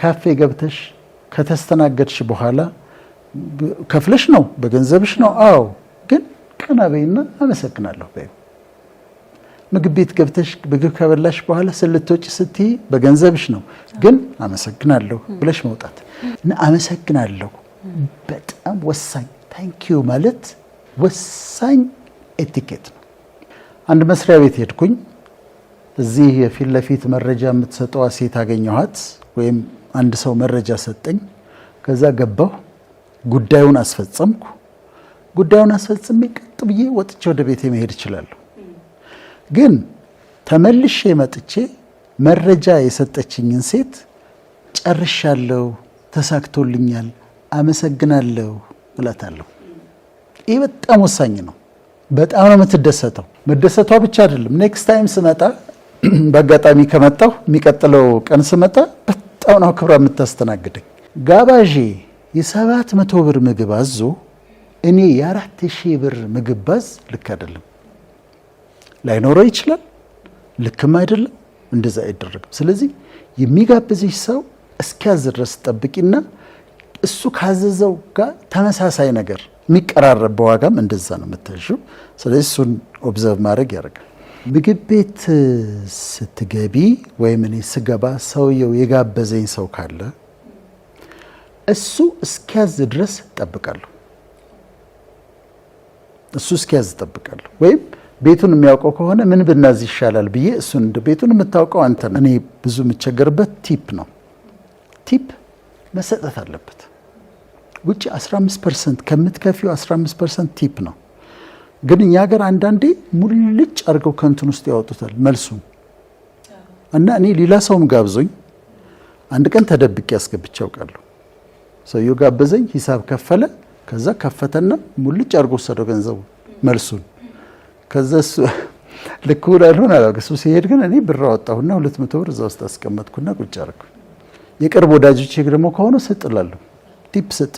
ካፌ ገብተሽ ከተስተናገድሽ በኋላ ከፍለሽ ነው በገንዘብሽ ነው። አዎ ግን ቀና በይና አመሰግናለሁ በይ። ምግብ ቤት ገብተሽ ምግብ ከበላሽ በኋላ ስልትወጪ ስትይ በገንዘብሽ ነው፣ ግን አመሰግናለሁ ብለሽ መውጣት። አመሰግናለሁ በጣም ወሳኝ ታንኪዩ ማለት ወሳኝ ኤቲኬት ነው። አንድ መስሪያ ቤት ሄድኩኝ። እዚህ የፊት ለፊት መረጃ የምትሰጠዋ ሴት አገኘኋት ወይም አንድ ሰው መረጃ ሰጠኝ። ከዛ ገባሁ፣ ጉዳዩን አስፈጸምኩ። ጉዳዩን አስፈጽሜ ቀጥ ብዬ ወጥቼ ወደ ቤቴ መሄድ እችላለሁ። ግን ተመልሼ መጥቼ መረጃ የሰጠችኝን ሴት ጨርሻለሁ፣ ተሳክቶልኛል፣ አመሰግናለሁ እላታለሁ። ይህ በጣም ወሳኝ ነው። በጣም ነው የምትደሰተው። መደሰቷ ብቻ አይደለም። ኔክስት ታይም ስመጣ በአጋጣሚ ከመጣሁ የሚቀጥለው ቀን ስመጣ በጣም ነው ክብራ የምታስተናግደኝ። ጋባዤ የሰባት መቶ ብር ምግብ አዞ እኔ የአራት ሺህ ብር ምግብ ባዝ ልክ አይደለም። ላይኖረው ይችላል፣ ልክም አይደለም። እንደዛ አይደረግም። ስለዚህ የሚጋብዝሽ ሰው እስኪያዝ ድረስ ጠብቂና እሱ ካዘዘው ጋር ተመሳሳይ ነገር የሚቀራረብ በዋጋም እንደዛ ነው የምታዩ። ስለዚህ እሱን ኦብዘርቭ ማድረግ ያደርጋል። ምግብ ቤት ስትገቢ ወይም እኔ ስገባ ሰውየው የጋበዘኝ ሰው ካለ እሱ እስኪያዝ ድረስ እጠብቃለሁ። እሱ እስኪያዝ እጠብቃለሁ። ወይም ቤቱን የሚያውቀው ከሆነ ምን ብናዝ ይሻላል ብዬ እሱን ቤቱን የምታውቀው አንተ ነው። እኔ ብዙ የምቸገርበት ቲፕ ነው። ቲፕ መሰጠት አለበት። ውጭ 15 ፐርሰንት ከምትከፊው 15 ፐርሰንት ቲፕ ነው። ግን እኛ ሀገር አንዳንዴ ሙልጭ አድርገው ከንትን ውስጥ ያወጡታል መልሱ እና እኔ ሌላ ሰውም ጋብዞኝ አንድ ቀን ተደብቄ አስገብቼ አውቃለሁ። ሰውየው ጋበዘኝ፣ ሂሳብ ከፈለ። ከዛ ከፈተና ሙልጭ አድርጎ ወሰደው ገንዘቡ መልሱን። ከዛ እሱ ልክ አልሆን አላውቅም። እሱ ሲሄድ ግን እኔ ብር አወጣሁና ሁለት መቶ ብር እዛ ውስጥ አስቀመጥኩና ቁጭ አደረኩ። የቅርብ ወዳጆች ደግሞ ከሆነ ስጥ እላለሁ፣ ቲፕ ስጥ